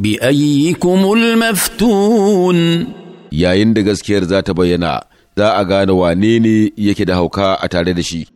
بأيكم المفتون يا إندغز كير ذات بينا ذا أغان وانيني يكي دهوكا أتاردشي